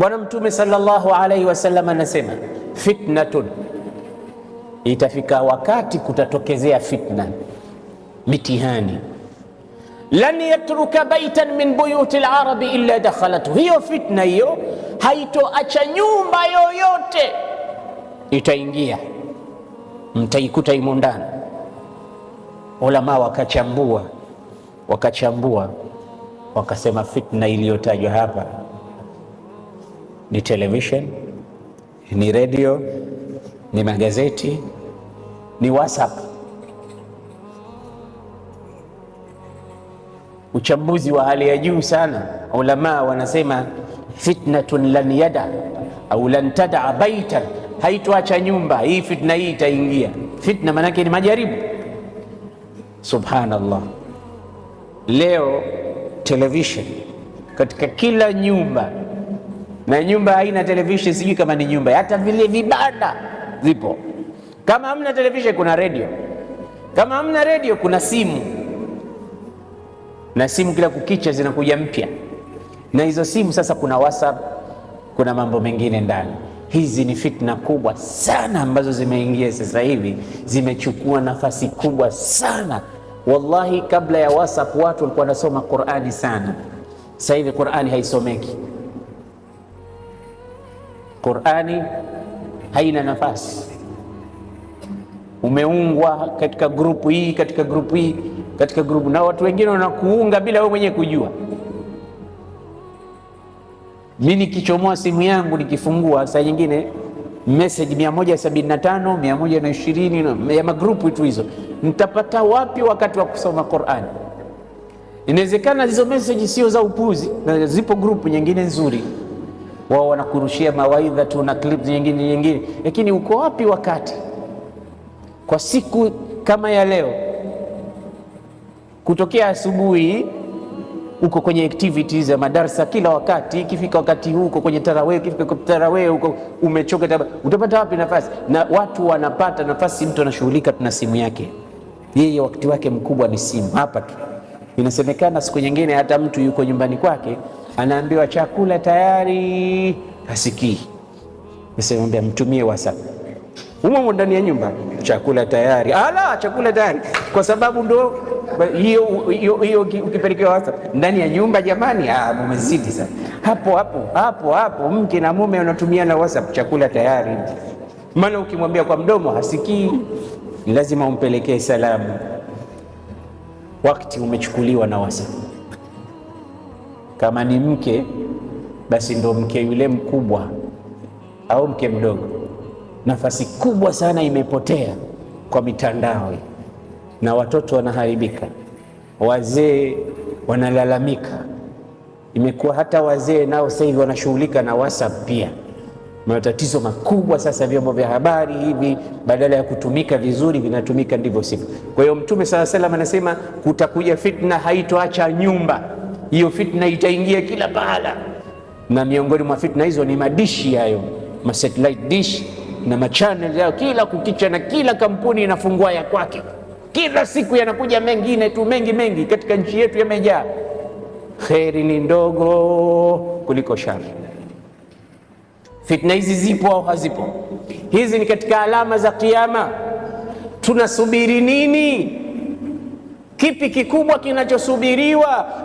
Bwana Mtume sallallahu alaihi wasallam anasema fitnatun, itafika wakati kutatokezea fitna, mitihani. Lan yatruka baitan min buyuti larabi illa dakhalatu, hiyo fitna hiyo haitoacha nyumba yoyote itaingia, mtaikuta imo ndani. Ulama wakachambua wakachambua wakasema fitna iliyotajwa hapa ni television, ni radio ni magazeti, ni WhatsApp. Uchambuzi wa hali ya juu sana. Ulamaa wanasema fitnatun lan yada au lan tadaa baitan, haitwacha nyumba hii. Fitna hii itaingia. Fitna maanake ni majaribu. Subhanallah, leo television katika kila nyumba na nyumba haina televisheni, sijui kama ni nyumba, hata vile vibanda zipo Kama hamna televisheni, kuna redio. Kama hamna redio, kuna simu, na simu kila kukicha zinakuja mpya, na hizo simu sasa kuna WhatsApp, kuna mambo mengine ndani. Hizi ni fitna kubwa sana ambazo zimeingia sasa hivi, zimechukua nafasi kubwa sana. Wallahi, kabla ya WhatsApp watu walikuwa wanasoma Qur'ani sana, sasa hivi Qur'ani haisomeki. Qurani haina nafasi. Umeungwa katika grupu hii, katika grupu hii, katika grupu, na watu wengine wanakuunga bila wewe mwenyewe kujua. Mimi nikichomoa simu yangu nikifungua saa nyingine message 175 120 ya magrupu tu hizo, nitapata wapi wakati wa kusoma Qurani? Inawezekana hizo message sio za upuzi, na zipo grupu nyingine nzuri wao wanakurushia mawaidha tu na clips nyingine nyingine, lakini uko wapi wakati kwa siku kama ya leo? Kutokea asubuhi uko kwenye activities ya madarsa kila wakati, ikifika wakati huu uko kwenye tarawe, ikifika kwa tarawe huko umechoka taba. Utapata wapi nafasi? Na watu wanapata nafasi, mtu anashughulika tuna simu yake, yeye wakati wake mkubwa ni simu hapa tu. Inasemekana siku nyingine hata mtu yuko nyumbani kwake anaambiwa chakula tayari, hasikii. Nisemwambia mtumie WhatsApp humo ndani ya nyumba, chakula tayari, ala, chakula tayari, kwa sababu ndo hiyo hiyo. Ukipelekewa WhatsApp ndani ya nyumba, jamani, ah, mumezidi sana. Hapo hapo hapo hapo, mke na mume wanatumiana WhatsApp, chakula tayari. Maana ukimwambia kwa mdomo hasikii, lazima umpelekee salamu. Wakati umechukuliwa na WhatsApp. Kama ni mke, basi ndo mke yule mkubwa au mke mdogo. Nafasi kubwa sana imepotea kwa mitandao, na watoto wanaharibika, wazee wanalalamika. Imekuwa hata wazee nao sasa hivi wanashughulika na WhatsApp pia matatizo makubwa sasa. Vyombo vya habari hivi badala ya kutumika vizuri vinatumika ndivyo sivyo. Kwa hiyo Mtume sala salam anasema kutakuja fitna haitoacha nyumba hiyo fitna itaingia kila pahala, na miongoni mwa fitna hizo ni madishi hayo, masatellite dish na machanel yao. Kila kukicha na kila kampuni inafungua ya kwake, kila siku yanakuja mengine tu mengi mengi, katika nchi yetu yamejaa. Kheri ni ndogo kuliko shari. Fitna hizi zipo au hazipo? Hizi ni katika alama za Kiyama. Tunasubiri nini? Kipi kikubwa kinachosubiriwa?